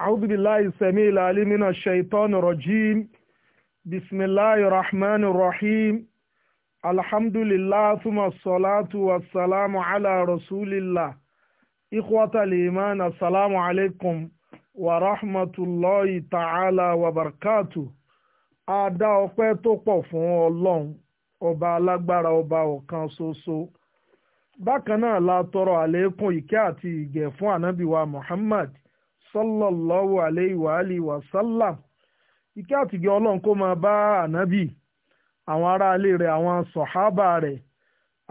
أعوذ بالله السميع العليم من الشيطان الرجيم بسم الله الرحمن الرحيم الحمد لله ثم الصلاة والسلام على رسول الله إخوة الإيمان السلام عليكم ورحمة الله تعالى وبركاته àdá ọpẹ́ tó pọ̀ fún ọlọ́run ọba alágbára ọba ọ̀kan ṣoṣo bákan náà la tọrọ àlékún ìkẹ́ àti ìgẹ̀ fún ànábìwa Muhammad sallallahu alayhi wa alihi wa sallam ìkẹ́ àtìgẹ́ ọlọ́run kó máa bá ànábì àwọn aráalé rẹ̀ àwọn sọ̀hábà rẹ̀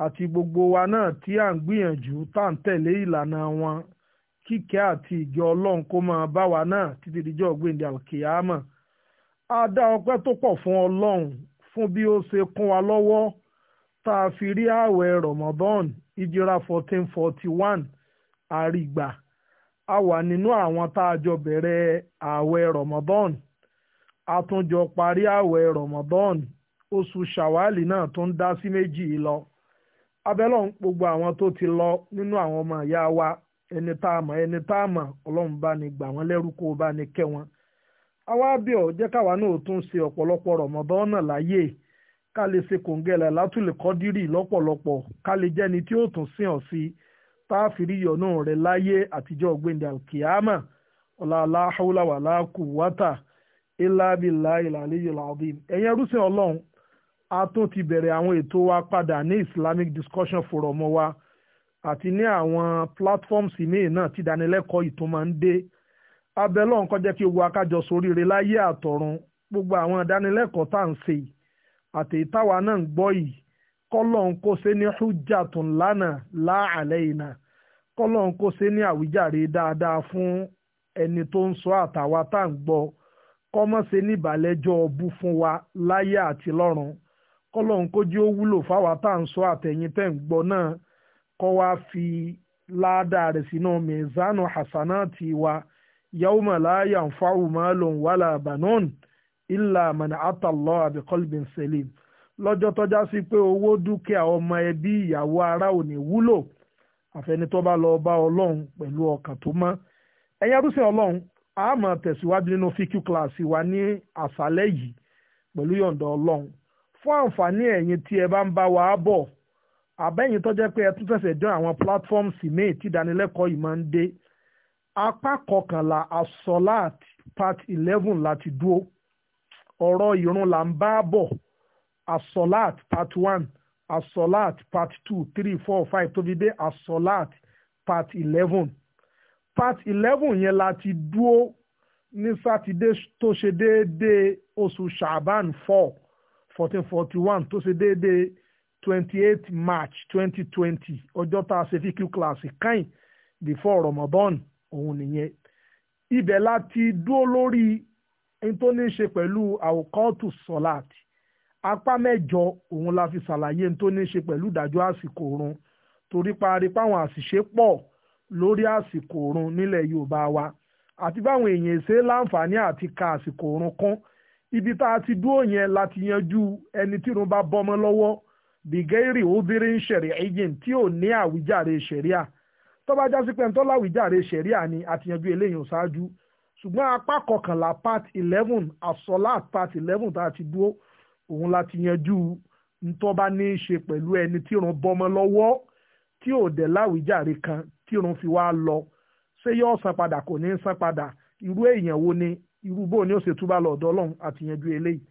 àti gbogbo wa náà tí à ń gbìyànjú tá à ń tẹ̀lé ìlànà wọn kíkẹ́ àti ìgẹ́ ọlọ́run kó máa bá wa náà títí díjọ́ gbèǹde alkiyama a dá ọpẹ́ tó pọ̀ fún ọlọ́run fún bí ó ṣe kún wa lọ́wọ́ tá a fi rí ààwẹ̀ ramadan ìjìra fourteen forty one àrígbà a wà nínú àwọn tá a jọ bẹ̀rẹ̀ ààwẹ̀ Ramadan a tún jọ parí ààwẹ̀ Ramadan oṣù ṣàwálì náà tó ń dá sí méjì lọ abẹ́lọ́ ń gbogbo àwọn tó ti lọ nínú àwọn ọmọ ìyá wa ẹni tá a mọ̀ ẹni tá a mọ̀ ọlọ́run bá ní gbà wọ́n lẹ́rú kó o bá ní kẹ́ wọn àwa bí ọ jẹ́ káwa náà tún ṣe ọ̀pọ̀lọpọ̀ Ramadan náà láyé ká lè ṣe kòǹgẹ́lẹ̀ látùlẹ̀kọ́dírì lọ́pọ̀lọpọ̀ ká lè jẹ́ni tí ó tún sìn ọ̀ sí i táàfìrí yọ̀nù rẹ̀ láyé àtijọ́ gbẹ̀ndẹ̀ alkiyama ọ̀làlá haúláwàlá kùwátà ìlàbílà ìlàlẹ́yìn alvin ẹ̀yẹn rúṣin ọlọ́run a tún ti bẹ̀rẹ̀ àwọn ètò wa padà ní islamic discussion forum wa àti ní àwọn platforms míì náà tí ìdánilẹ́kọ̀ọ́ ìtumọ̀ ń dé abẹ́lọ́ nǹkan jẹ́ kí gbogbo akájọ soríire láyé àtọ̀run gbogbo àwọn ìdánilẹ́kọ̀ọ́ tá à ń ṣe àtẹ̀yí náà ń gbọ́ yìí kọ́lọ́n kó ṣe ní hujjatun lánàá láàlẹ́yìnà kọ́lọ́n kó ṣe ní àwíjàre dáadáa fún ẹni tó ń sọ àtàwa tá à ń gbọ́ kọ́mọ́ ṣe ní ìbàlẹ́jọ́ ọbú fún wa láyé àti lọ́run kọ́lọ́n kó jẹ́ ó wúlò fáwa tá à ń sọ àtẹ̀yìn tẹ̀ ń gbọ́ náà kọ́ wá fi láàdáa rẹ̀ sínú mizanu hasanati wa yawma la yanfa'u malun wala banun illa man ata Allah bi qalbin salim lọ́jọ́ tọ́já sí pé owó dúkìá ọmọ ẹbí ìyàwó ará ò ní wúlò àfẹnitọ́ bá lọ bá ọlọ́run pẹ̀lú ọkàn tó mọ́ ẹ̀yin arúsẹ̀ ọlọ́run a máa tẹ̀síwájú nínú fíkú kíláàsì wa ní àṣálẹ́ yìí pẹ̀lú yọ̀ǹda ọlọ́run fún àǹfààní ẹ̀yin tí ẹ bá ń bá wa bọ̀ àbẹ́yìn tọ́jẹ́ pé ẹ tún ṣẹ̀ṣẹ̀ dán àwọn platforms míì tí ìdánilẹ́kọ̀ọ́ yìí máa ń dé apá kọkànlá asọ́láàt part eleven láti dúró ọ̀rọ̀ ìrun là ń bá bọ̀ asolat part one asolat part two three four five tó dé asolat part eleven part eleven yẹn la ti dúó ní sátidé tó ṣe déédéé oṣù shaban four fourteen forty one tó ṣe déédéé twenty eight march twenty twenty ọjọ́ tá a ṣe fi q class kain before ramadan òun nìyẹn ibẹ̀ la ti dúó lórí n tó ní í ṣe pẹ̀lú àwòkọ́tù sọ́láàtì apá mẹ́jọ òun la fi ṣàlàyé tó ní ṣe pẹ̀lú ìdájọ́ àsìkò oorun torí parí páwọn àṣìṣe pọ̀ lórí àsìkò oorun nílẹ̀ Yorùbá wa àti báwọn èèyàn ṣe láǹfààní àti ka àsìkò oorun kún ibi tá a ti dúró yẹn láti yanjú ẹni tírun bá bọ́mọ lọ́wọ́ bìgẹ́rì obìnrin ṣẹ̀rí ẹ̀yìn tí ò ní àwíjàre ṣẹ̀ríà tó bá já sí pé ntọ́ láwíjàre ṣẹ̀ríà ni àtìyanjú eléyìí ṣáájú ṣùgbọ́n apá kọkànlá part eleven àsọlá part eleven tá a ti dúró òun láti yanjú ntọ́ bá ní í ṣe pẹ̀lú ẹni tí ìrun bọ́mọ lọ́wọ́ tí ò dẹ̀ láwìjàre kan tí ìrun fi wá lọ ṣé yóò san padà kò ní í san padà irú èèyàn wo ni irú bó ni ó ṣe túbà lọ́dọ̀ ọlọ́run àti yanjú eléyìí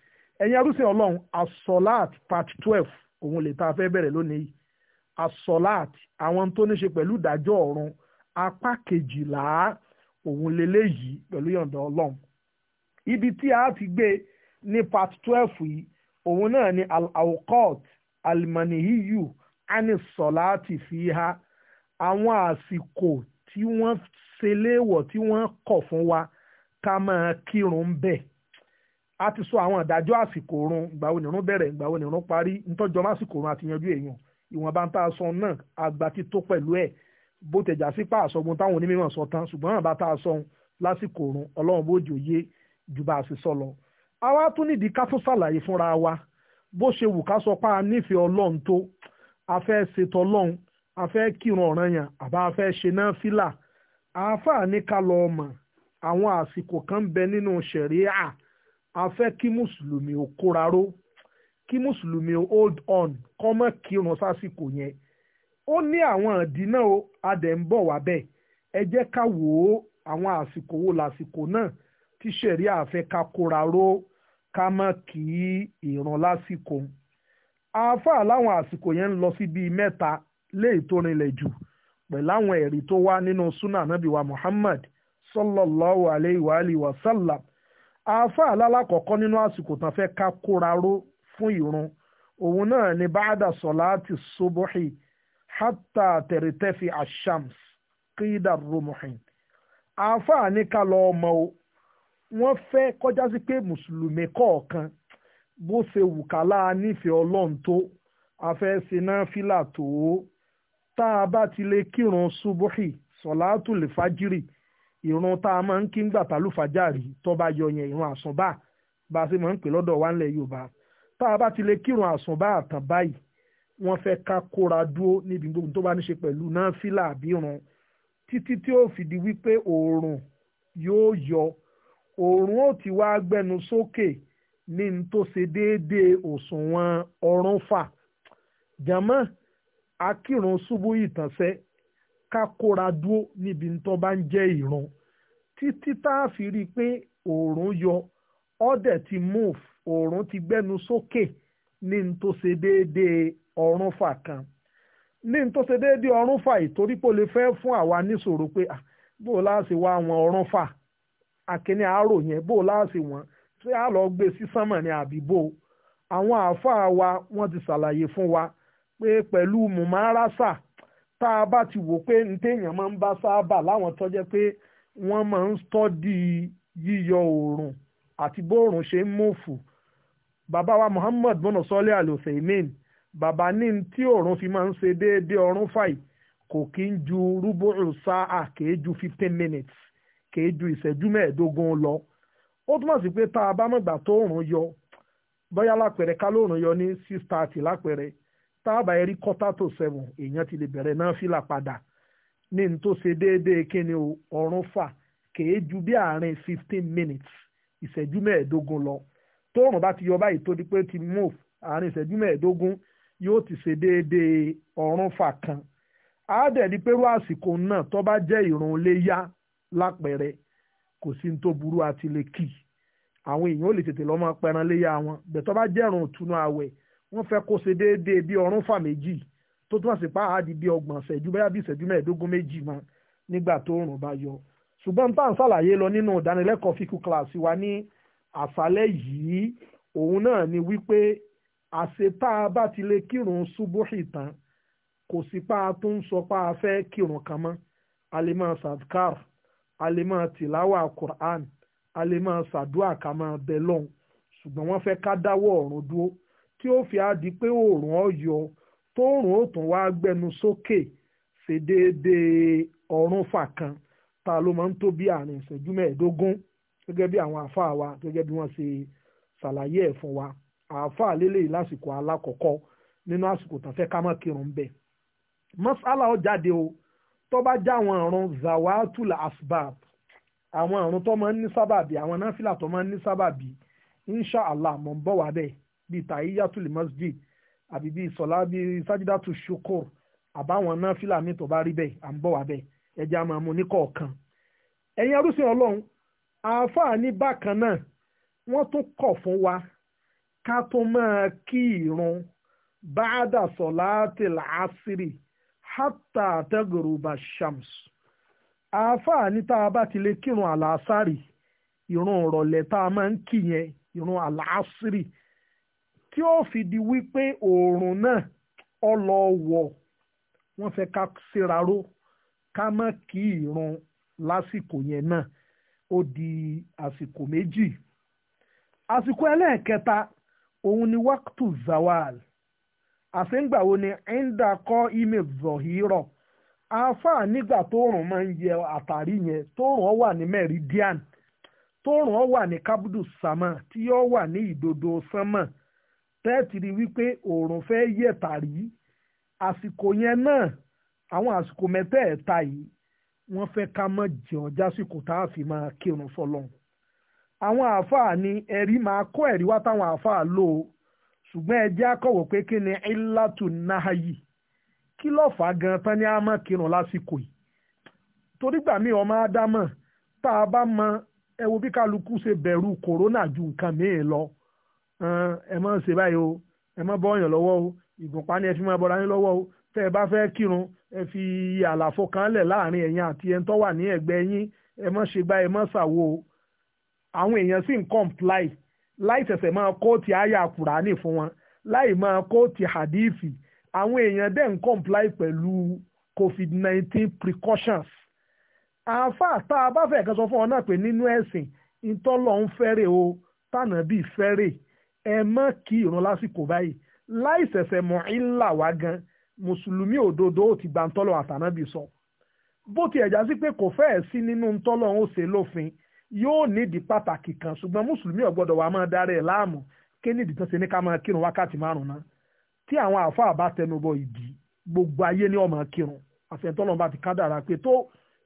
ẹ̀yin arúsẹ̀ ọlọ́run asọ́láàt part twelve òun lè ta fẹ́ bẹ̀rẹ̀ lónìí asọ́láàt àwọn tó ní ṣe pẹ̀lú ìdájọ́ ọ̀run apá kejìlá òun leléyìí pẹ̀lú yọ̀ǹda ọlọ́run ibi tí a ti gbé ní part twelve yìí òun náà ni al-awqat al-manihiyu anisolati fiha àwọn àsìkò tí wọ́n ṣe léèwọ̀ tí wọ́n kọ̀ fún wa ká máa kírun ń bẹ̀ a ti sọ àwọn àdájọ́ àsìkò oorun ìgbà wo nìrun bẹ̀rẹ̀ ìgbà wo nìrun parí nítọ́jọ́ másìkò oorun àti yanjú èèyàn ìwọ̀nba tá a sọ náà àgbà ti tó pẹ̀lú ẹ̀ bó tẹ̀jà sí pàṣọgun táwọn onímọ̀ sọ tán ṣùgbọ́n àbá tá sọ lásìkò oorun ọlọ́run bó jòyè jù bá lọ àwa tún nídìí ká tún ṣàlàyé fúnra wa bó ṣe wù ká sọ pé a nífẹ̀ẹ́ ọlọ́run tó a fẹ́ ṣètò ọlọ́run a fẹ́ kírun ọ̀ranyàn àbá a fẹ́ ṣe náà fílà àáfàá ní ká lọ mọ̀ àwọn àsìkò kan bẹ nínú ṣẹ̀ríà a fẹ́ kí mùsùlùmí ó kóraró kí mùsùlùmí ó hold on kọ́ mọ́ kírun sásìkò yẹn ó ní àwọn ìdínà adẹ̀ ń bọ̀ wá bẹ́ẹ̀ ẹ jẹ́ ká wò ó àwọn àsìkò wo lásìkò náà tí sẹ̀rí àfẹ́ ká kóra ró ká mọ̀ kí ìran lásìkò àáfàá láwọn àsìkò yẹn ń lọ sí bíi mẹ́ta léè tó rinlẹ̀ jù pẹ̀lú àwọn ẹ̀rí tó wá nínú súnà nábì wa Muhammad sallallahu alayhi wa alihi wa sallam àáfàá lálàkọ̀ọ́kọ́ nínú àsìkò tán fẹ́ ká kóra ró fún ìrun òun náà ni báàdà sọ̀láàtì subuhi hátà tẹ̀rẹ̀tẹ̀fì àṣàms kídà rumuhin àáfàá ní ká lọ ọmọ o wọ́n fẹ́ kọjá sí pé mùsùlùmí kọ̀ọ̀kan bó ṣe wù kálá nífẹ̀ẹ́ ọlọ́run tó afẹ́ ṣe náà fìlà tó tá a bá ti lè kírun ṣubúhì sọ̀láàtù lè fájírì ìrun tá a máa ń kí ń gbà tálùfájàrí tó bá yọ yẹn ìrun àsùnbà bá a ṣe máa ń pè lọ́dọ̀ wa ńlẹ̀ yorùbá tá a bá ti lè kírun àsùnbà àtàn báyìí wọ́n fẹ́ ká kóra dúró níbi gbogbo tó bá ní ṣe pẹ̀lú náà fìlà àbírun títí tí ó fìdí wípé òòrùn yóò yọ òòrùn o ti wá gbẹnu sókè ní n tó ṣe déédéé òṣùwọ̀n ọrùn fà jàmọ́ akírun ṣubú ìtànṣẹ́ ká kóra níbi tó bá ń jẹ́ ìrun títí tá a fi rí i pé òòrùn yọ ọ̀dẹ̀ ti move òòrùn ti gbẹnu sókè ní n tó ṣe déédéé ọrùn fà kan ní n tó ṣe déédéé ọrùn fà ìtorí pé ó lè fẹ́ fún àwa níṣòro pé bó o wá wọn ọrùn fà àkíní àárò yẹn bó láàṣì wọn tí a lọ gbé sí sánmà ní àbíbò àwọn àáfàá wa wọ́n ti ṣàlàyé fún wa pé pẹ̀lú mùmárásà tá a bá ti wò pé n téèyàn máa ń bá sáábà láwọn tó pé wọ́n máa ń tọ́dí yíyọ oòrùn àti bóòrùn ṣe ń mọ̀fù bàbá wa Muhammad bọ́nà sọ́lé àlòsèmín bàbá ní tí oòrùn fi máa ń ṣe déédéé ọrùn fàì kò kí ń ju rúbùrù sáà kéé ju fifteen minutes kèé ju ìṣẹ́jú mẹ́ẹ̀ẹ́dógún lọ ó túmọ̀ sí pé tá a bá mọ̀gbà tó òòrùn yọ bóyá lápẹ̀rẹ̀ ká lóòrùn yọ ní six thirty lápẹ̀rẹ̀ tá a bá yẹ rí quarter to seven èèyàn ti lè bẹ̀rẹ̀ náà fìlà padà ní n tó ṣe déédéé kí ni ọ̀run fà kèé ju bí àárín fifteen minutes ìṣẹ́jú mẹ́ẹ̀ẹ́dógún lọ tóòrùn bá ti yọ báyìí tó di pé ti move àárín ìṣẹ́jú mẹ́ẹ̀ẹ́dógún yóò ti ṣe déédéé ọ̀run fà kan àádẹ́ẹ̀dí pé rú àsìkò náà tó bá jẹ́ ìrun léyá lápẹẹrẹ kò sí ní tó burú àti lè kì í àwọn èèyàn ò lè tètè lọ́mọ pẹran léyà wọn bẹ̀tọ́ bá jẹ́rùn ìtúnú àwẹ̀ wọ́n fẹ́ kó ṣe déédéé bí ọrùn fà méjì tó tún àṣepá àádì bí ọgbọ̀n ṣẹ́jú bẹ́yà bí ìṣẹ́jú mẹ́ẹ̀ẹ́dógún méjì mọ́ nígbà tó rùn bá yọ ṣùgbọ́n tá à ń lọ nínú ìdánilẹ́kọ̀ọ́ fíkú kíláàsì wa ní àṣálẹ́ yìí òun náà ni wípé àṣetá a bá ti lè kírun ṣubúhì tán kò sí pa a tó sọ pa a fẹ́ kírun kan mọ́ a sadkar a lè máa tìláwà Quran a lè máa ṣàdúrà ká máa bẹ lọ́hùn ṣùgbọ́n wọ́n fẹ́ ká dáwọ́ ọ̀run dúró tí ó fi á di pé òòrùn ọ̀yọ́ tóòrùn ó tún wá gbẹnu sókè ṣe déédéé ọ̀run fà kan ta ló máa ń tó bí àárín ìṣẹ́jú mẹ́ẹ̀ẹ́dógún gẹ́gẹ́ bí àwọn àáfàá wa gẹ́gẹ́ bí wọ́n ṣe ṣàlàyé ẹ̀ fún wa àáfàá lélẹ̀ lásìkò alákọ̀ọ́kọ́ nínú àsìkò tán ká má kírun bẹ́ẹ̀ masala ó jáde o. Jade, o tó bá já àwọn àrùn zawatul asbab àwọn àrùn tó máa ń ní sábàbí àwọn náfìlà tó máa ń ní sábàbí insha allah mọ̀ ń bọ̀ wá bẹ́ẹ̀ bíi tayyatul masjid àbí bíi sọlá bíi sajidatu shukur àbáwọn náfìlà mi tó bá rí bẹ́ẹ̀ à ń bọ̀ wá bẹ́ẹ̀ ẹja máa mú ní kọ̀ọ̀kan ẹ̀yin arúsìn ọlọ́run àáfàá bákan náà wọ́n tún kọ̀ fún wa ká tó máa kí ìrun báádà sọ̀lá tìlà ásírì hatta tagruba shams afa ní tá a bá ti lè kírun àlàásárì ìrun ìrọ̀lẹ́ tá a máa ń kì yẹn ìrun àlàásírì tí ó fi di wípé oòrùn náà ọlọ́wọ̀ wọ́n fẹ́ ká síraró ká má kí ìrun lásìkò yẹn náà ó di àsìkò méjì àsìkò ẹlẹ́ẹ̀kẹta òun ni wákàtú zawal àṣẹ́ngbà wo ni ẹ̀ńdà kọ́ ime zọ̀hírọ̀ àáfàá nígbà tó rùn máa ń yẹ àtàrí yẹn tó rùn ọ́ wà ní meridian tó rùn ọ́ wà ní kábùdù sàmà tí yọ́ wà ní ìdodo sánmà tẹ́tìrì wípé òòrùn fẹ́ yẹ̀ tàrí àsìkò yẹn náà àwọn àsìkò mẹ́tẹ̀ẹ̀ta yìí wọ́n fẹ́ ká mọ̀ jẹ́ ọjà síkò tá a fi máa kírun fọlọ́n àwọn àáfàá ni ẹ̀rí máa kó ẹ̀rí wá táwọn àáfàá lò ó ṣùgbọ́n ẹjẹ́ akọ̀wọ̀ pé kí ni ilátù náhayì kí ló fà á gan tán ní àmọ́ kírun lásìkò yìí torí gbà mí ọmọ ádámọ̀ tá a bá mọ ẹ wo bí kálukú ṣe bẹ̀rù kòrónà ju nǹkan mìíràn lọ ẹ mọ̀ ṣe báyìí o ẹ mọ̀ bọ́ọ̀yàn lọ́wọ́ o ìgùnpá ni ẹ fi máa bọ́ra yín lọ́wọ́ o tẹ́ ẹ bá fẹ́ kírun ẹ fi àlàfo kan lẹ̀ láàrin ẹ̀yin àti ẹni tó wà ní ẹ̀gbẹ́ yín ẹ mọ̀ ṣe gbá ẹ mọ̀ ṣàwo àwọn èèyàn sì ń comply láì ṣẹ̀ṣẹ̀ máa kóòtì àyà kùránì fún wọn láì máa kóòtì hadithi àwọn èèyàn dẹ̀ ń comply pẹ̀lú covid-19 precautions àáfàá tá a bá fẹ́ kan sọ fún ọ náà pé nínú ẹ̀sìn ìtọ́lọ̀ ń fẹ́rẹ̀ o tànàbí fẹ́rẹ̀ ẹ má kí ìrun lásìkò báyìí láì ṣẹ̀ṣẹ̀ mọ̀ ń là wá gan mùsùlùmí òdodo ó ti gba ntọ́lọ̀ àtànàbí sọ bó ti ẹ̀já sí pé kò fẹ́ẹ̀ sí nínú ntọ́lọ̀ ó ṣe lófin yóò nídìí pàtàkì kan ṣùgbọ́n mùsùlùmí ọ̀gbọ́dọ̀ wa máa darí ẹ̀ láàmú kí nídìí tó ṣe ní ká máa kírun wákàtí márùn-ún tí àwọn bá tẹnubọ ìdí gbogbo ayé ní ọmọ kírun àfẹ̀ntọ́lọ́n bá ti kádàrá pé tó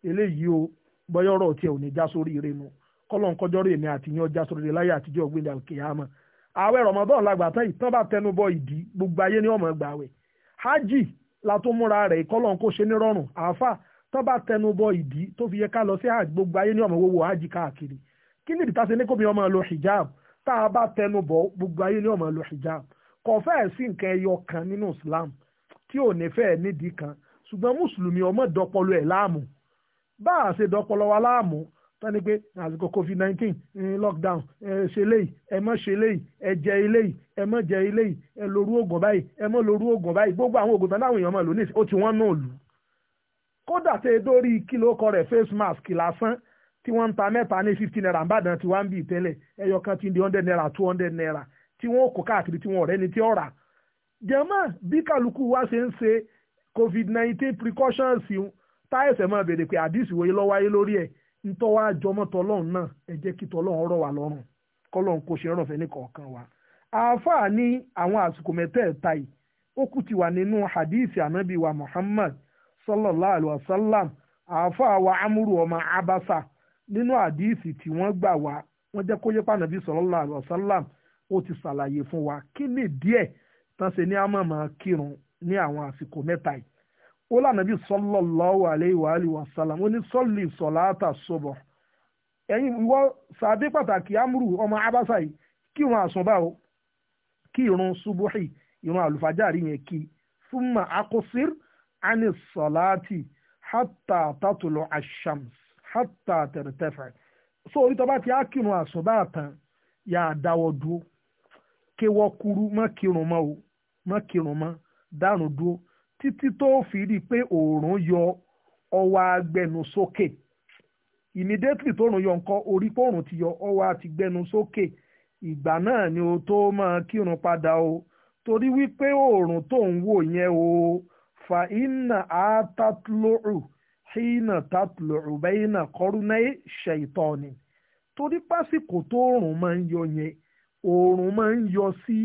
eléyìí o bọ́yọ̀rọ̀ tiẹ̀ ò ní já sórí ire nu kọ́lọ́n kọjọ́rọ̀ èmi àti yan já sórí ire láyé àtijọ́ tó bá tẹnu bọ ìdí tó fi yẹ ká lọ sí hajj gbogbo ayé ní ọmọ owó hajj káàkiri kí ni ìdíta ṣe ní kómi ọmọ lo hijab tá a bá tẹnu bọ gbogbo ayé ní ọmọ lo hijab kò fẹ́ẹ̀ sí nǹkan ẹyọ kan nínú Islam tí ò ní fẹ́ẹ̀ nídìí kan ṣùgbọ́n mùsùlùmí ọmọ dọpọlọ ẹ̀ láàmú bá a ṣe dọpọlọ wa láàmú tán ni pé àsìkò covid nineteen lockdown ẹ ṣe léyìí ẹ má ṣe léyìí ẹ jẹ eléyìí ẹ má jẹ eléyìí ẹ lórú oògùn báyìí ẹ má lórú oògùn báyìí gbogbo àwọn oògùn tán láwọn èèyàn máa lò ní ó ti wọ́n náà lù kódà tẹ́ ẹ dórí kílò ọkọ rẹ̀ face mask lásán tí wọ́n ń ta mẹ́ta ní fifty naira nbàdàn tí wọ́n ń bì tẹ́lẹ̀ ẹyọ kan ti di hundred naira two hundred naira tí wọ́n kó káàkiri tí wọ́n ọ̀rẹ́ ni tí ó rà. jẹ́mọ́ bí kálukú wa ṣe ń ṣe covid nineteen precautions yìí táyẹ̀sẹ̀ máa bèrè pé àdìsí wòye lọ́wọ́ ayé lórí ẹ̀ ntọ́wá jọmọ́ tọlọ́run náà ẹ jẹ́ kí tọlọ́run rọ̀ wá lọ́rùn kọ́lọ́run kò ṣe rọ̀ fẹ́ ní kọ̀ọ̀kan wa. àáfàá ní àwọn àsìkò mẹ́tẹ̀ẹ̀ta yìí ó kù ti wà nínú hadith anabi wa Muhammad sallallahu alayhi wa sallam àáfàá wa amúrù ọmọ abasa nínú àdíìsì tí wọ́n gbà wá wọ́n jẹ́ kó yé pa nàbí sallallahu alayhi wa sallam ó ti ṣàlàyé fún wa kí ni díẹ̀ tán ṣe ní àmọ́ máa kírun ní àwọn àsìkò mẹ́ta yìí ó lànàbí sallallahu alayhi wa alihi wa sallam ó ní sọ́ọ̀lì sọ̀láàtà sọ̀bọ̀ ẹ̀yin ìwọ sàbí pàtàkì amúrù ọmọ abasa yìí kí wọn àsùnbà o kí irun subuhi irun àlùfájàrí yẹn kí fúnma akọsir ani salati hatta tatulu ashams hatta tertafa so ori to ba ti akinu aso ba ya dawo duo ke kuru ma kirun ma o ma kirun ma danu duo titi to fi ri pe oorun yọ owa agbenu soke to orun yo nko ori ti yọ owa ti gbenu igba naa ni o to ma kirun pada o tori wipe oorun to n wo yen o fa iná àtàtlóòrù hínà tàtlóòrù bẹ́yìnà kọ́rùnà ṣèitọ́ni torí pásìkò tó oòrùn máa ń yọ yẹn oòrùn máa ń yọ sí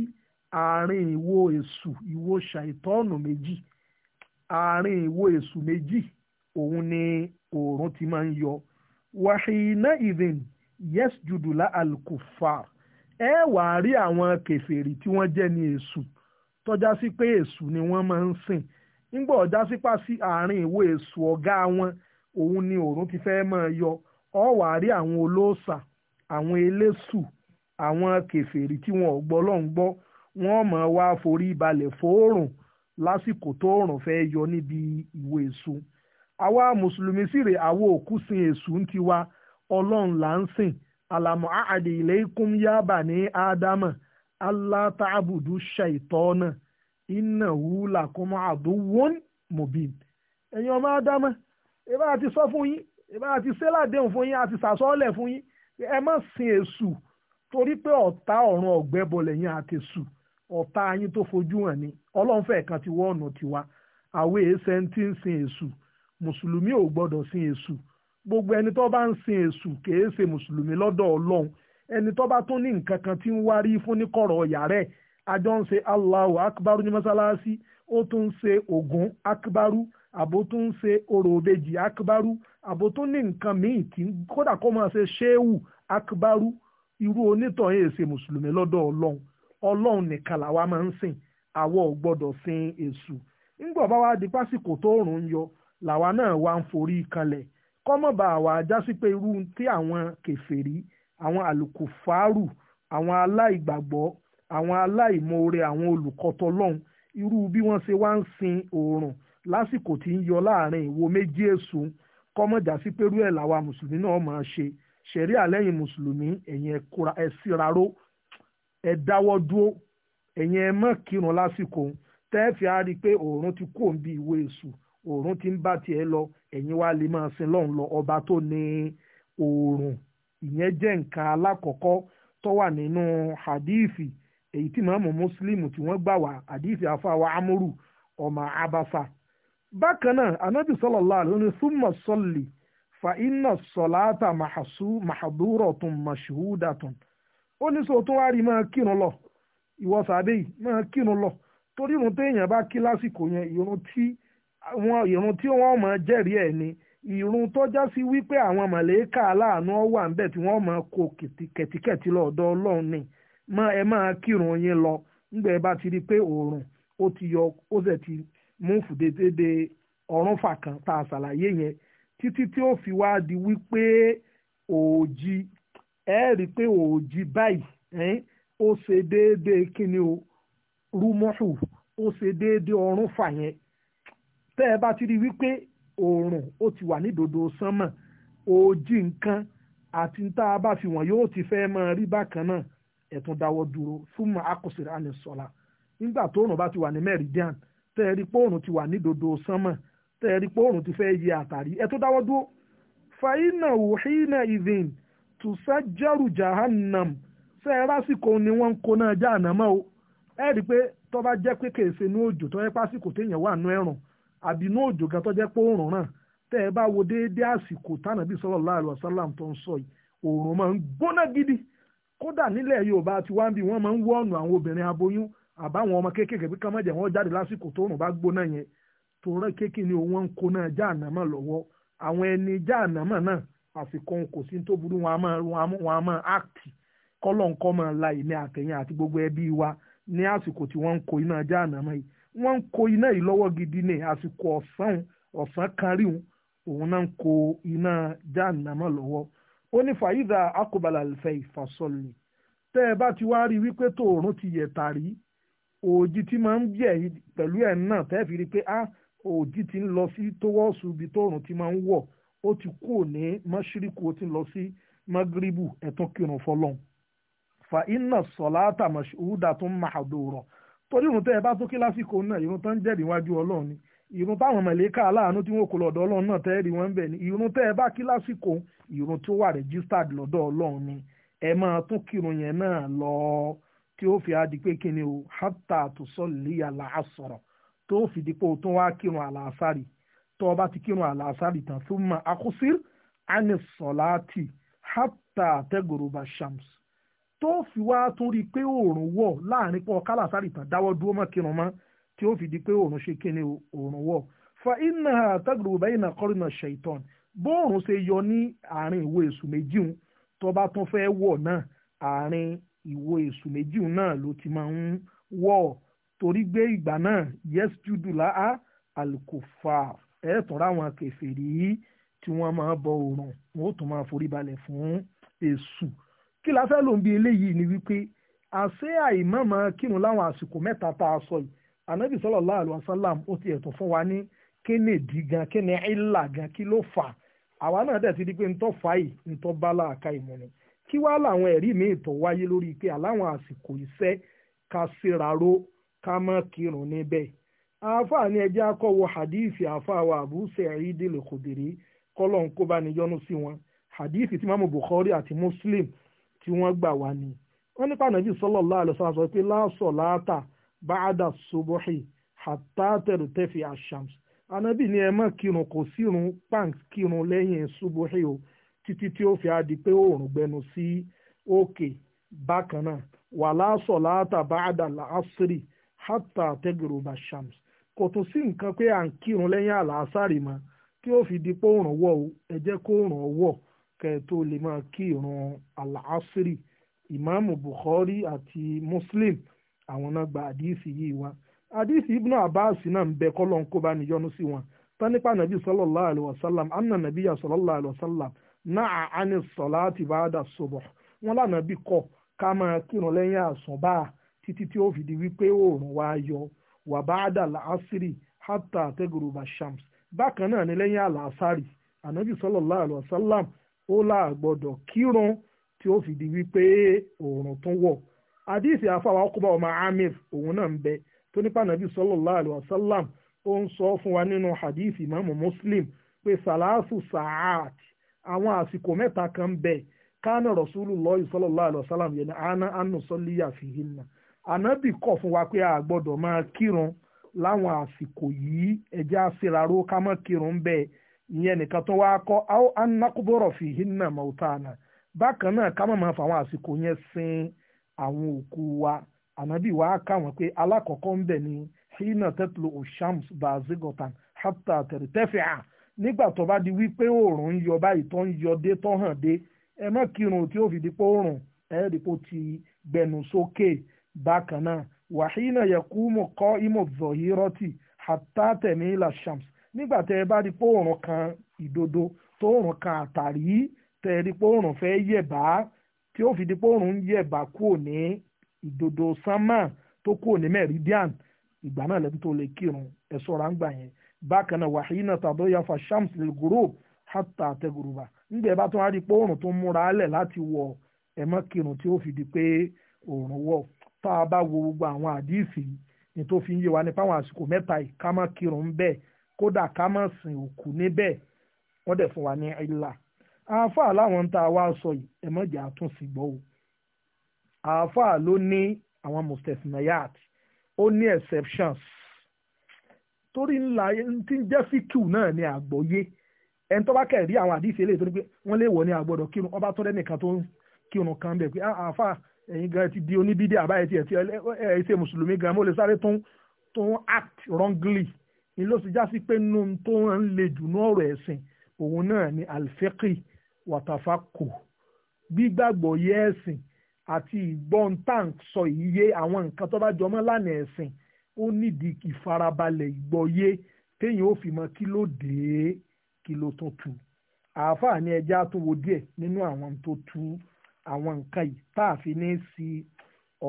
àárín ìwo èṣù ìwo ṣàìtọ́ọ̀nù méjì àárín ìwo èṣù méjì òun ni oòrùn ti máa ń yọ wàhíná ìdìn yes judula alkufar ẹ wà á rí àwọn kèfèrí tí wọ́n jẹ́ ní èṣù tọ́já sí pé èṣù ni wọ́n máa ń sìn nígbà ọjà si arin àárín ìwé èso wọn òun ni òòrùn ti fẹ́ máa yọ ọ wàá rí àwọn olóòṣà àwọn eléṣù àwọn kèfèrí tí wọn ò gbọ́ lọ́n gbọ́ wọn mọ̀ wá forí balẹ̀ fóòrùn lásìkò tóòrùn fẹ́ yọ níbi ìwé èso àwa mùsùlùmí sì rè àwo òkúsìn èṣù ń tiwa ọlọ́run là ń sìn àlàmọ́ àdè ilé ikún yábà ní ádámà aláta àbùdú ṣàìtọ́ náà iná wúlà kó mọ́ àdówón mobin ẹ̀yin ọmọ ádámà ìbá àti sọ fún yín ìbá àti sẹ́ládéhùn fún yín àti sàsọ́ọ̀lẹ̀ fún yín ẹ má sin èṣù torí pé ọ̀tá ọ̀run ọ̀gbẹ́bọlẹ̀ yín àti èṣù ọ̀tá yín tó fojú hàn ni ọlọ́nfẹ́ kan ti wọ́ ọ̀nà tiwa àwọn èèṣẹ́ ti ń sin èṣù mùsùlùmí ò gbọ́dọ̀ sin èṣù gbogbo ẹni tó bá ń sin èṣù kìí ṣe mùsùlùmí lọ́dọ̀ ọlọ́run ẹni tó bá tún ní nǹkan kan tí ń wárí fún níkọ̀rọ̀ ọ̀yà rẹ̀ àjọ ń ṣe Allahu akbaru ní mọ́sálásí ó tún ń ṣe ògùn akbaru àbó tún ń ṣe orò òbejì akbaru àbó tún ní nǹkan míì tí kódà kó máa ṣe ṣéwù akbaru irú onítàn yìí ṣe mùsùlùmí lọ́dọ̀ ọlọ́run ọlọ́run nìkan làwa máa ń sìn gbọ́dọ̀ sin èṣù bá di pásìkò tó rùn yọ làwa náà wá ń forí kọ́mọ̀bà àwọn aláìmoore àwọn olùkọ́tọ̀ lọ́hùn irú bí wọ́n ṣe wá ń sin oòrùn lásìkò tí ń yọ láàrin ìwo méjì èso kọ́mọ̀jà sí pẹ̀lú ẹ̀ làwa mùsùlùmí náà máa ṣe ṣẹ̀rí àlẹ́yìn mùsùlùmí ẹ̀yin ẹ síraró ẹ dáwọ́ dúró ẹ̀yin ẹ má kírun lásìkò tẹ́ẹ̀fì á rí i pé oòrùn ti kó bí ìwo èso oòrùn ti ń bá tiẹ̀ lọ ẹ̀yin wá lè máa sin lọ́hùn lọ ọba tó ní oòrùn ìyẹn jẹ́ nǹkan alákọ̀ọ́kọ́ tó wà nínú hadithi èyí tí màmú muslim tí wọ́n gbà wá àdìsí àfàwà amúrù ọmọ abasa bákan náà anabi sallallahu alaihi wasallam súnmọ̀ sọ́ọ̀lì fa iná sọ̀láàtà màhàdúrọ̀ tún màṣúhúdà tún ó ní sọ tó wá rí máa kírun lọ ìwọ sàbẹ̀ yìí máa kírun lọ torí irun téèyàn bá kí lásìkò yẹn irun tí wọn máa ni irun tó já sí wípé àwọn màlẹ́kà aláàánú wà ń bẹ̀ tí wọ́n máa kó kẹ̀tíkẹ̀tí lọ́dọ̀ ọlọ́run ni. ẹ máa kírun yín lọ nígbà ẹ bá ti rí i pé òòrùn ó ti yọ ó sì ti mú fùdédédé ọ̀run fà kan tá a ṣàlàyé yẹn títí tí ó fi wá di wípé òòjì ẹ rí i pé òòjì báyìí ó ṣe déédéé kíni o rúmọ́ṣù ó ṣe déédéé ọ̀run fà yẹn tẹ́ ẹ bá ti rí i wípé òòrùn ó ti wà nídòdó sánmọ̀ òòjì nǹkan àti tá a bá fi wọn yóò ti fẹ́ máa rí bákan náà ẹ tún dáwọ́ dúró fún mọ́ akọ̀sẹ̀rẹ̀ àná sọ́la nígbà tóòrùn bá ti wà ní meridian tẹ́ ẹ rí ti wà ní dodo sánmọ̀ tẹ́ ẹ rí ti fẹ́ yẹ àtàrí ẹ dáwọ́ dúró. fàyínà òhìnà ìdìn tùsàjẹrù jahannam ṣe é ni wọ́n ń koná jahannamọ́ o ẹ rí pé tó bá jẹ́ pé kèsè ní òjò tó yẹ pásìkò téèyàn wà nú ẹ̀rùn àbí ní òjò gan jẹ́ pé òòrùn náà tẹ́ ẹ bá wo déédéé àsìkò tánàbí ń sọ gidi kódà nílẹ̀ yorùbá àti wáńbí wọ́n máa ń wọ́ ọ̀nà àwọn obìnrin aboyún àbáwọn ọmọ kéékèèké bí kámọ́jẹ̀ wọ́n jáde lásìkò tó rùn bá gbóná yẹn torí kéèkì ni òun ń koná jáànámà lọ́wọ́ àwọn ẹni jáànámà náà àsìkò kò sí tó burú wọn a máa áàkì kọ́lọ́ǹkọ́ la ìní àtẹ̀yìn àti gbogbo ẹbí wa ní àsìkò tí wọ́n ń iná jáànámà yìí wọ́n ń iná yìí lọ́wọ́ náà ń iná ó ní fàyídà akọbàlà ìfẹ́ ìfàsọ́lì tẹ́ ẹ bá ti wá rí wípé ti yẹ̀ tàrí òòjì tí máa ń yẹ̀ pẹ̀lú ẹ̀ náà tẹ́ fi rí pé òòjì ah, ti ń lọ sí tówọ́ọ̀sù ibi ti máa ń wọ̀ ó ti kú òní mọ́ṣíríkù ó ti lọ sí magribu ẹ̀tún kírun fọlọ́n fa iná sọ̀lá àtàmọ̀ṣúdà tó ń máa dòrò torí tẹ́ ẹ bá tó kí ni ìrun táwọn mọ̀lẹ́kà aláàánú tí wọ́n kò lọ́dọ̀ ọlọ́run náà tẹ́ rí wọn bẹ̀ ni ìrun tẹ́ ẹ bá kí lásìkò ìrun tó wà registered lọ́dọ̀ ọlọ́run ni ẹ máa tún kírun yẹn náà lọ tí ó fi adi pé kí ni o hátà tó sọ léyà làásọ̀rọ̀ tó fi di pé o tún wá kírun àlàásárì tó o bá ti kírun àlàásárì tán tó mọ akúsír àní sọ̀láàtì hátà tẹ́gòròbà shams tó fi wá torí pé òòrùn wọ̀ láàrin pọ̀ kálàsárì tán dáwọ́ dúró mọ́ kírun mọ́ tí ó fi di pé òòrùn ṣe kíni òòrùn wọ̀ fa iná àtàgùrù báyìí náà kọ́rin náà ṣèitán bóòrùn ṣe yọ ní àárín ìwo èṣù méjì hun tó bá tún fẹ́ wọ̀ náà àárín ìwo èṣù méjì hun náà ló ti máa ń wọ̀ torí gbé ìgbà náà yes judu la a alukofa ẹ̀ẹ́tọ̀rọ̀ àwọn kèfèrí yìí tí wọ́n máa bọ òòrùn wọn ó tún máa forí balẹ̀ fún èṣù kí la fẹ́ lòun bí eléyìí ni wípé àṣé àìmọ̀mọ̀ kírun láwọn àsìkò mẹ́ta tá a sọ yìí ànábì sallallahu alaihi wasallam ó ti ẹ̀tọ́ fún wa ní kí ni ìdí gan kí ni ìlà gan kí ló fà àwa náà dẹ̀ ti di pé ntọ́ fà yìí ntọ́ bá láàka ìmọ̀ ni kí wá làwọn ẹ̀rí mi ìtọ̀ wáyé lórí pé àláwọn àsìkò iṣẹ́ ká síra ká mọ́ kírun níbẹ̀ àáfàá ni ẹjẹ́ akọ́wọ́ hadith àáfàá wa Abu Sa'id al-Khudri kọ́lọ́n kó bá níjọ́nú sí wọn hadith tí mamu Bukhari àti Muslim tí wọ́n gbà wá ni wọ́n nípa nàbí sallallahu alaihi wasallam pé báàdà sobohi hàtàtẹ̀rù tẹ́fì àṣàms anabi ni ẹ má kírun kò sírun pank kírun lẹ́yìn sobohi o títí tí ó fi adi pé oòrùn gbẹnu sí òkè bákan náà wàlá sọ̀láàtà báàdà làásírì hàtàtẹ̀gùrù bàṣàms kò tún sí nǹkan pé à ń kírun lẹ́yìn àlàásàrì mọ́ kí ó fi di pé oòrùn wọ̀ o ẹ jẹ́ kó oòrùn wọ̀ kẹ́ lè máa kírun àlàásírì ìmáàmù Bukhari àti Muslim àwọn náà gba àdìsí yìí wá àdìsí ibnu abbas náà ń bẹ kọ́lọ́n kó bá níyọnu sí wọn tanipa nabi sallallahu alayhi wa sallam anna nabiya sallallahu alayhi wa sallam náà àní sọláàtì ba'da subuh wọn lànà bí kọ ká máa kírun lẹ́yìn àsùnbà títí tí ó fi wípé oòrùn wá yọ wà ba'da làásìrì hatta tagruba shams bákan náà ni lẹ́yìn àlàásàrì ànábì sallallahu alayhi wa sallam ó là gbọ́dọ̀ kírun àdìsí àfàwà ọkùnbà ọmọ amir òun náà ń bẹ tó nípa nàbí sallallahu alaihi ó ń sọ fún wa nínú àdìsí ìmáàmù muslim pé sàlásù sàáàt àwọn àsìkò mẹ́ta kan bẹ kánà rasulullah sallallahu alaihi wasallam yẹn àná fi sọ́líyà fìhìnnà ànábì kọ̀ fún wa pé a gbọ́dọ̀ máa kírun láwọn àsìkò yìí ẹja ṣèraró ká má kírun bẹ́ẹ̀ ìyẹn nìkan tó wá kọ́ àwọn anákúbọ̀rọ̀ bákan àwọn òkú wa ànábì wa kà wọ́n pé alákọ̀ọ́kọ́ ń bẹ̀ ni hina tetlo oshams bazigotan hapta tẹ̀rẹ̀tẹ̀fẹ̀à nígbà tó bá di wípé òòrùn ń yọ báyìí tó ń yọ dé tó hàn dé ẹ má kírun tí ó fi di pé òòrùn ẹ rí pé ó ti gbẹnu sókè bákan náà wàhíìnà yẹkú mọ kọ ìmọ̀ zọ̀hírọ́tì hapta tẹ̀mí la shams nígbà tẹ́ ẹ bá rí pé òòrùn kan ìdodo tó òòrùn kan àtàrí tẹ́ ẹ rí pé òòrùn fẹ́ yẹ̀ bá tí ó fi di pé ń yẹ̀bà kúrò ní ìdodo sánmà tó kúrò ní meridian ìgbà náà lẹ́nu tó lè kírun ẹ̀ sọ́ra ya yẹn bákan náà wàhíínà tàdó yafa shams àtẹ̀gùrùbà ńgbẹ́ bá di tó múra láti wọ ẹ̀mọ́ kírun tí ó fi di pé wọ̀ tá a bá wo gbogbo àwọn ni tó fi ń yé wa nípa àwọn àsìkò mẹ́ta yìí ká má kírun bẹ́ẹ̀ kódà ká má òkú níbẹ̀ wọ́n àáfàá láwọn tá a wá sọ yìí ẹ mọ̀jà àtúnṣe gbọ́ o àáfàá ló ní àwọn mustesnayat ó ní exceptions torí ńlá tí ń jẹ́ fíkìú náà ní àgbọ́yé ẹni tó bá kẹ̀rí àwọn àdìsí eléyìí tó ní pé wọ́n lè wọ̀ ní àgbọ̀dọ̀ kírun ọba tó rẹ́nìkan tó ń kírun kan bẹ̀ pé ah, àáfàá ẹ̀yin gan ti di oníbídé àbáyé tiẹ̀ tí ẹ̀ ṣe mùsùlùmí gan mo lè sáré tó ń tó ń act wrongly ni ló sì já sí pé nínú tó ń le jù ní ọ̀rọ̀ ẹ̀sìn òun náà ni alfẹ́kì wàtàfàkù gbígbàgbọ́ yé ẹ̀sìn àti ìgbọ́n tank sọ iye àwọn nǹkan tó bá jọmọ́ lánàá ẹ̀sìn ó nídìí ìfarabalẹ̀ ìgbọ́yé téèyàn ó fi mọ kí ló dé kí ló tó tu àáfàá ni ẹja tó wo díẹ̀ nínú àwọn tó tu àwọn nǹkan yìí tá a fi ní sí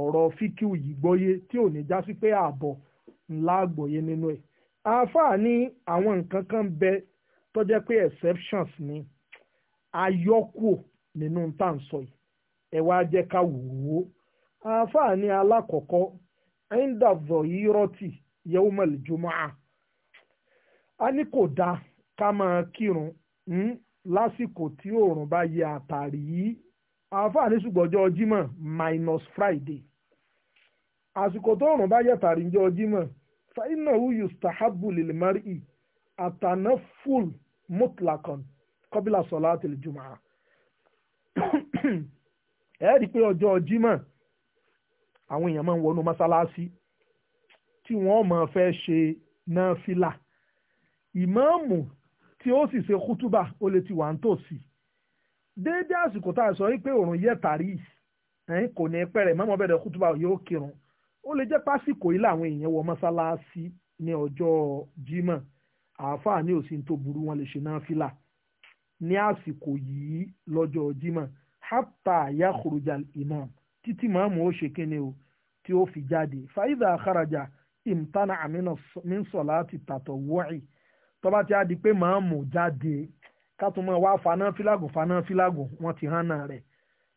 ọ̀rọ̀ fíkìú yìí gbọ́yé tí ò ní já pé ààbọ̀ ńlá gbọ́yé nínú ẹ̀ àáfàá ní àwọn nǹkan kan bẹ tó pé exceptions ni. ayọ́kù nínú n'inu à yìí ẹ wá jẹ́ ká wò ó alákọ̀ọ́kọ́ ẹ̀ńdàvọ̀ yìí yẹ́wò mọ̀lẹ́jọ́mọ́ á ní kò ká máa kírun hmm, lásìkò tí òòrùn bá yẹ àtàrí yìí àǹfààní ṣùgbọ́njọ́ jímọ̀ minus friday àsìkò tó òòrùn bá yẹ àtàrí kọ́bílà sọ̀lá tẹ̀lé jùmọ̀ à ẹ rí i pé ọjọ́ Jímọ̀ àwọn èèyàn máa ń wọnú mọ́sálásí tí wọ́n máa fẹ́ ṣe náà fìlà ìmáàmù tí ó sì ṣe kútúbà ó lè ti wà ń tòsí déédé àsìkò tá a sọ wípé òòrùn yẹ tàrí ẹ̀yìn kò ní pẹ́rẹ̀ mọ́mọ́ bẹ̀rẹ̀ kútúbà yóò kírun ó lè jẹ́ pásíkò yìí làwọn èèyàn wọ mọ́sálásí ní ọjọ́ Jímọ̀ àáfàá ní òsì tó burú wọn lè ṣe náà fìlà ní àsìkò yìí lọ́jọ́ Jímọ̀ hapa yakhruja imam títí màmú ó ṣe kíni o tí ó fi jáde fàyídà àkàràjà imtana amina mínsọ̀lá ti tàtọ̀ wọ́ọ̀ì tọ́ba ti á di pé màmú jáde kátùmọ̀ wá faná fílàgùn faná fílàgùn wọ́n ti hàn náà rẹ̀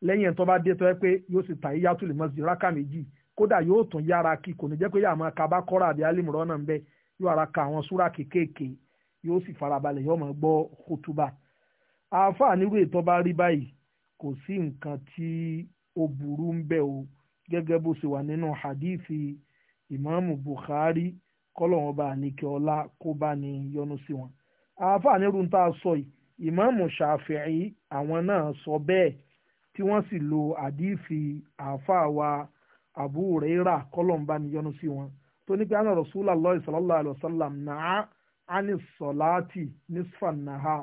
lẹ́yìn ẹ̀ tọ́ba dé tọ́ ẹ pé yóò sì tàyíyàtú lè mọ́sí rákà méjì kódà yóò tún yára kí kò ní jẹ́ pé yàrá máa ka kọ́ra àbí alimurọ́ ń bẹ yóò ara ka àwọn súrà kéékèèké yóò sì farabalẹ̀ yóò máa gbọ́ kútúbà Afa nírú ètò bá rí báyìí kò sí nǹkan tí ó burú ń bẹ̀ o gẹ́gẹ́ bó ṣe wà nínú hadithi ìmáàmù Bukhari kọ́lọ́wọ́n bá níkẹ́ ọlá kó bá ní yọ́nú sí wọn. àáfàá nírú tá sọ yìí ìmáàmù Ṣàfi'í àwọn náà sọ bẹ́ẹ̀ tí wọ́n sì lo hadithi afa wa Abu Huraira kọ́lọ́wọ́n bá ní yọ́nú sí wọn tó ní pé àná Rasulullah sallallahu alaihi wasallam náà á ní sọ̀láàtì nísfà náà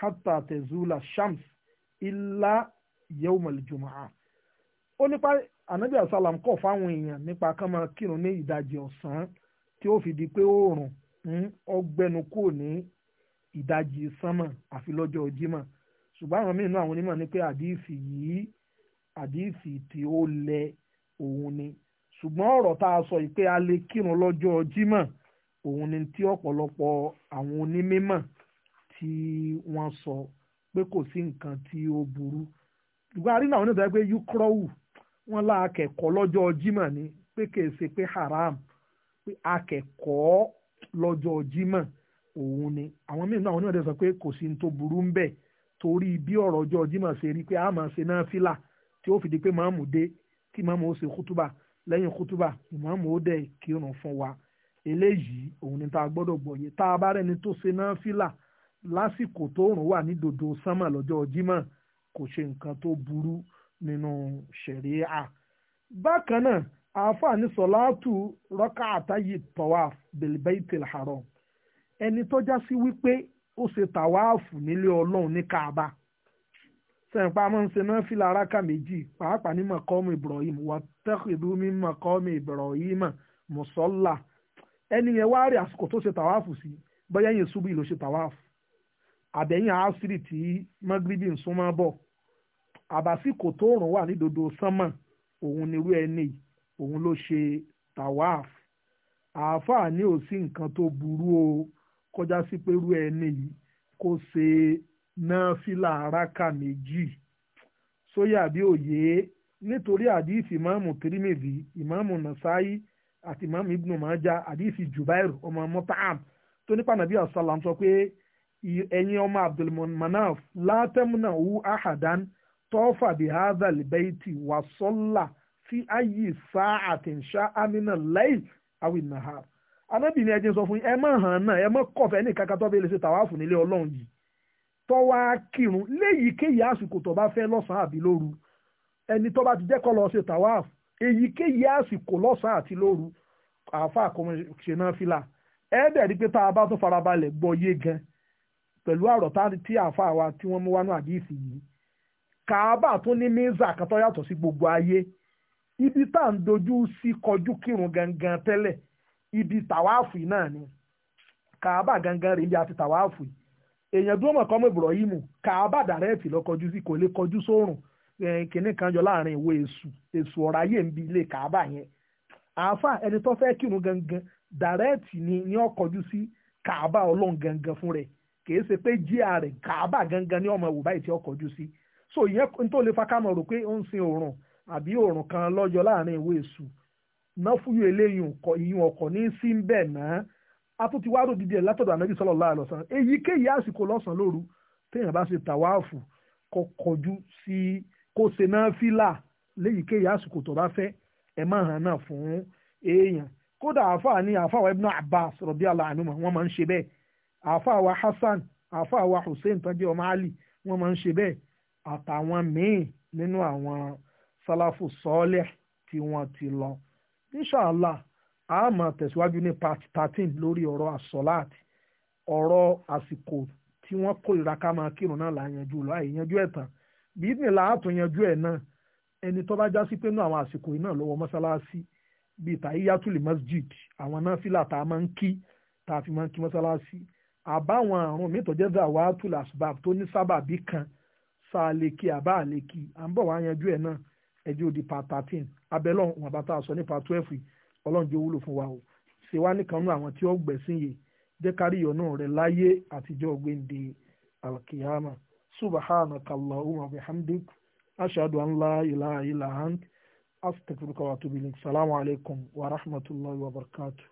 hatta tezula shams illa yawmal jumaa ó nípa ànábì àsálàm kọ̀ fáwọn èèyàn nípa kán máa kírun ní ìdajì ọ̀sán tí ó fi di pé oòrùn ọgbẹ́nu hmm, kò ní ìdajì sánmọ̀ àfi lọ́jọ́ jímọ̀ ṣùgbọ́n àwọn mìíràn àwọn onímọ̀ ní pé àdìsí yìí àdìsí tí ó lẹ òun ni ṣùgbọ́n ọ̀rọ̀ tá a sọ yìí pé a lè kírun lọ́jọ́ jímọ̀ òun ni tí ọ̀pọ̀lọpọ̀ àwọn onímọ̀ tí wọ́n sọ pé kò sí nǹkan tí ó burú ṣùgbọ́n àrí náà onídàá pé yúkúrọ́wù wọ́n lá akẹ́kọ̀ọ́ lọ́jọ́ Jímọ̀ ni pé kìí ṣe pé haram pé akẹ́kọ̀ọ́ lọ́jọ́ Jímọ̀ òun ni àwọn míì náà onídàá sọ pé kò sí ní tó burú ń bẹ̀ torí bí ọ̀rọ̀ ọjọ́ Jímọ̀ ṣe rí pé a máa ṣe náà fìlà tí ó fi di pé máàmù dé tí máàmù ó ṣe kútúbà lẹ́yìn kútúbà ìmáàmù ó dẹ̀ kírun fún wa eléyìí òun ni tá a gbọ́dọ̀ gbọ́yé tá a bá rẹ́ni tó ṣe náà fìlà lásìkò tó rùn wà ní dòdò sánmà lọ́jọ́ jímọ̀ kò ṣe nǹkan tó burú nínú ṣẹ̀ríà. bákan náà àáfàá ní sọ̀láàtù rọ́kà àtàyè tawaf bilbaitil haram ẹni tó já sí wípé ó ṣe tàwáàfù nílé ọlọ́run ní kaaba sẹ̀ǹpá máa ń ṣe náà fìlà araka méjì pàápàá ní mọ̀kọ́mù ibrahim wàtẹ́kìdú mi mọ̀kọ́mù ibrahim mùsọ́là ẹni yẹn wá rí àsìkò tó ṣe tàwáàfù sí bóyá yẹn ṣubú ìlò ṣe tàwáàfù àbẹ̀yìn àásírì tí mọ́gíríbì ń súnmọ́ bọ̀ àbásìkò tó rùn wà dodo sánmọ̀ òun nírú ẹni òun ló ṣe tawaf àáfàá ní ò sí nǹkan tó burú o kọjá sí pé irú ẹni yìí kó ṣe náfìlà rákà méjì sóyà bí òye nítorí àdìsí ìmáàmù tirimidi ìmáàmù nasaayi àti ìmáàmù ibnu maja àdìsí jubairu ọmọ mọ́tàm tó nípa nàbí ọ̀sán là ń sọ pé ẹ̀yin ọmọ abdulmanaf látẹ̀múnà hu ahadan tọ́fà bí hadha libaiti wà sọ́là fi ayé sáà àtìǹṣá amínà lẹ́yìn àwìn nàá anábì ni ẹjẹ sọ fún yín ẹ má hàn náà ẹ má kọfẹ ní kankan tó bẹ lè ṣe tàwáàfù nílé ọlọ́run yìí tọ́wá kírun léyìí kéyìí àsìkò tó bá fẹ́ lọ́sàn-án àbí lóru ẹni tó bá ti jẹ́ lọ ṣe tàwáàfù èyíkéyìí àsìkò lọ́sàn àti lóru àáfà àkọmọṣe náà fìlà ẹ dẹ̀ rí pé tá a bá tún farabalẹ̀ gbọ́ yé gan pẹ̀lú àrọ̀ tí àáfàá wa tí wọ́n mú wánú àdìsí yìí kàábà tún ní mísà kan tó yàtọ̀ sí gbogbo ayé ibi tá à ń dojú sí kọjú kírun gangan tẹ́lẹ̀ ibi tàwáàfù yìí náà ni kàábà gangan rèébi àti tàwáàfù èèyàn dúró mọ̀ kọ́mọ Ibrahim kàábà dàrẹ́ẹ̀tì lọ kọjú sí kò lè kọjú sórùn kìnnì kan jọ láàrin ìwé èṣù èṣù ọ̀rọ̀ ayé ń bi ilé kàábà yẹn àáfà ẹni tó fẹ́ kírun gangan dàrẹ́ẹ̀tì ni ni ó kọjú sí kàábà ọlọ́run gangan fún rẹ̀ kìí ṣe pé gr kàábà gangan ní ọmọ ìwò báyìí tí ó sí so ìyẹn tó lè fa ká mọ̀ rò pé ó ń sin òòrùn àbí òòrùn kan lọ́jọ́ láàrin ìwé èṣù ná fúyú eléyìn ìyún ọkọ̀ ní sí ń bẹ̀ náà a tún ti wá rò dídí ẹ̀ látọ̀dọ̀ ànábì sallallahu alaihi wasallam èyíkéyìí àsìkò lọ́sàn-án lóru téèyàn bá ṣe tàwáàfù kó kọjú sí kó ṣe náà fílà léyìíkéyìí àsìkò tó bá fẹ́ ẹ̀ má hàn náà fún èèyàn kódà àfáà ní àfáà Ibn Abbas radiyallahu anhuma wọ́n máa ń ṣe bẹ́ẹ̀ àáfàá wa Hasan àáfàá wa Hussein tán jẹ́ ọmọ Ali wọ́n máa ń ṣe bẹ́ẹ̀ àtàwọn míì nínú àwọn sálàfù sọ́ọ́lẹ̀ tí wọ́n ti lọ inshàlá a máa tẹ̀síwájú ní part thirteen lórí ọ̀rọ̀ àsọ̀láàtì ọ̀rọ̀ àsìkò tí wọ́n kó ìraka máa kírun náà là ń yanjú lọ àìyanjú ẹ̀ tán bí ní làátún yanjú ẹ̀ náà ẹni tó bá já sí pé nínú àwọn àsìkò yìí náà lọ́wọ́ mọ́sálásí bíi tàyíyátùlì masjid àwọn náà fìlà tá máa ń kí tá máa ń kí mọ́sálásí àbáwọn àrùn mi tó jẹ́ zawatul asbab tó ní sábàbí kan sàlèkì àbá àlèkì à ń bọ̀ wá yanjú ẹ̀ náà ẹjọ́ òdi part thirteen abẹ́lọ́ wọn bá tá a sọ ní part twelve ọlọ́run jẹ́ wúlò fún wa o ṣe wá nìkan nú àwọn tí ó gbẹ̀sìn yìí jẹ́ kárí ìyọ̀nù rẹ̀ láyé àtijọ́ gbẹ̀ǹde alkiyama subhanaka allahumma bihamdik ashhadu an la ilaha illa ant astaghfiruka wa atubu salamu alaykum wa rahmatullahi wa barakatuh.